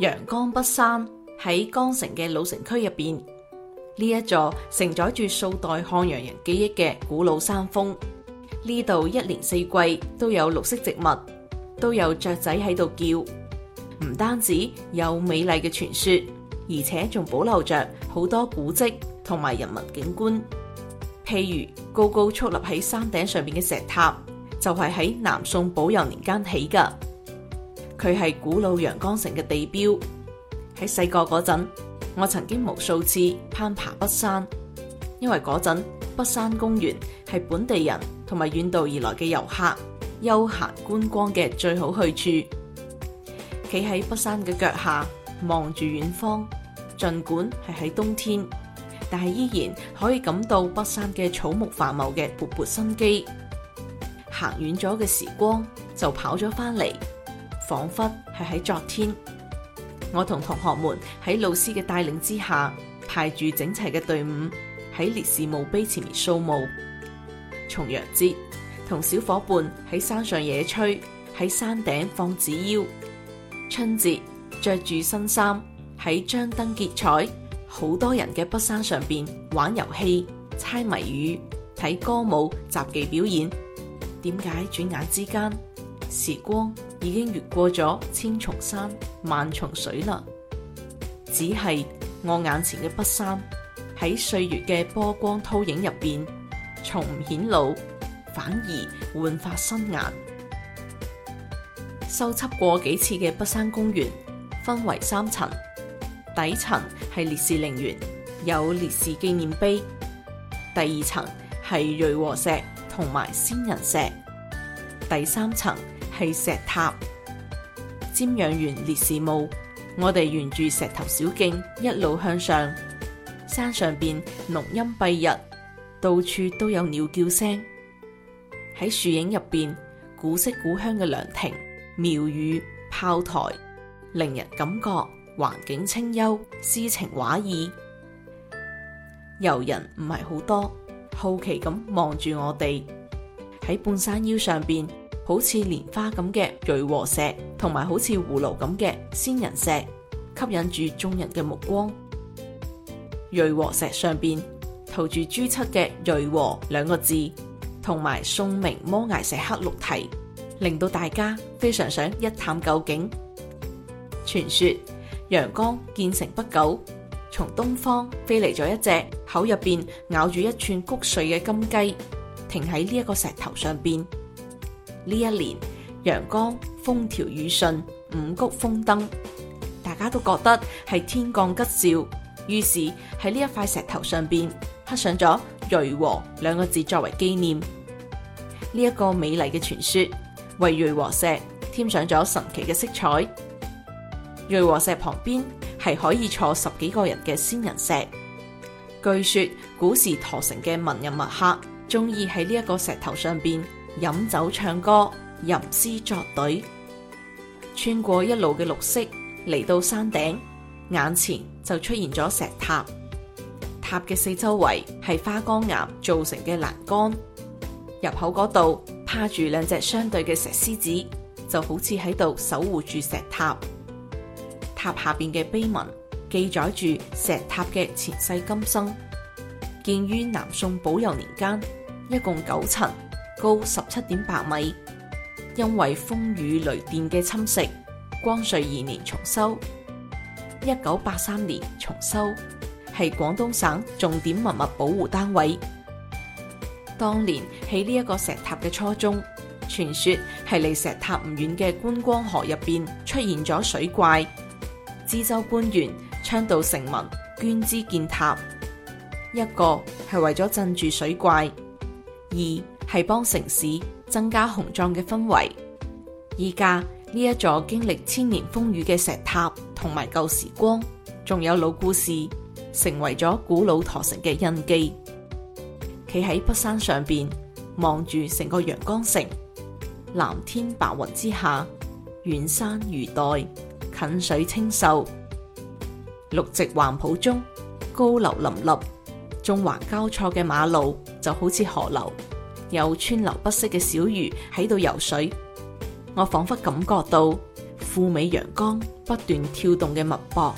陽江北山喺江城嘅老城區入邊，呢一座承載住數代漢陽人記憶嘅古老山峰，呢度一年四季都有綠色植物，都有雀仔喺度叫，唔單止有美麗嘅傳說，而且仲保留着好多古蹟同埋人文景觀，譬如高高矗立喺山頂上面嘅石塔，就係、是、喺南宋寶祐年間起㗎。佢係古老陽江城嘅地標。喺細個嗰陣，我曾經無數次攀爬北山，因為嗰陣北山公園係本地人同埋遠道而來嘅遊客休閒觀光嘅最好去處。企喺北山嘅腳下，望住遠方，盡管係喺冬天，但係依然可以感到北山嘅草木繁茂嘅勃勃生機。行遠咗嘅時光就跑咗返嚟。仿佛係喺昨天，我同同學們喺老師嘅帶領之下，排住整齊嘅隊伍喺烈士墓碑前面掃墓。重陽節同小伙伴喺山上野炊，喺山頂放紙鳶。春節着住新衫喺張燈結彩、好多人嘅北山上邊玩遊戲、猜謎語、睇歌舞雜技表演。點解轉眼之間時光？已經越過咗千重山萬重水啦，只係我眼前嘅北山喺歲月嘅波光濤影入邊，從唔顯老，反而煥發新顏。修葺過幾次嘅北山公園，分為三層：底層係烈士陵園，有烈士紀念碑；第二層係瑞禾石同埋仙人石；第三層，係石塔，瞻仰完烈士墓，我哋沿住石頭小徑一路向上。山上邊濃蔭蔽日，到處都有鳥叫聲。喺樹影入邊，古色古香嘅涼亭、廟宇、炮台，令人感覺環境清幽、詩情畫意。遊人唔係好多，好奇咁望住我哋。喺半山腰上邊。好似蓮花咁嘅瑞禾石，同埋好似葫蘆咁嘅仙人石，吸引住眾人嘅目光。瑞禾石上邊塗住朱漆嘅瑞禾兩個字，同埋宋明摩崖石刻六題，令到大家非常想一探究竟。傳說陽江建城不久，從東方飛嚟咗一隻口入邊咬住一串谷穗嘅金雞，停喺呢一個石頭上邊。呢一年陽江風調雨順，五穀豐登，大家都覺得係天降吉兆，於是喺呢一塊石頭上邊刻上咗“瑞禾”兩個字作為紀念。呢、這、一個美麗嘅傳說為瑞禾石添上咗神奇嘅色彩。瑞禾石旁邊係可以坐十幾個人嘅仙人石，據說古時鼉城嘅文人墨客中意喺呢一個石頭上邊。飲酒唱歌，吟詩作對。穿過一路嘅綠色嚟到山頂，眼前就出現咗石塔。塔嘅四周圍係花崗岩造成嘅欄杆，入口嗰度趴住兩隻相對嘅石獅子，就好似喺度守護住石塔。塔下邊嘅碑文記載住石塔嘅前世今生，建於南宋寶祐年間，一共九層。高十七點八米，因為風雨雷電嘅侵蝕，光緒二年重修，一九八三年重修，係廣東省重點文物保護單位。當年喺呢一個石塔嘅初衷，傳說係離石塔唔遠嘅觀光河入邊出現咗水怪，知州官員倡導城民捐資建塔，一個係為咗鎮住水怪，二。係幫城市增加雄壯嘅氛圍。依家呢一座經歷千年風雨嘅石塔，同埋舊時光，仲有老故事，成為咗古老鼉城嘅印記。企喺北山上邊，望住成個陽江城，藍天白雲之下，遠山如黛，近水清秀，綠植環抱中，高樓林立，縱橫交錯嘅馬路就好似河流。有川流不息嘅小魚喺度游水，我仿佛感覺到富美陽江不斷跳動嘅脈搏。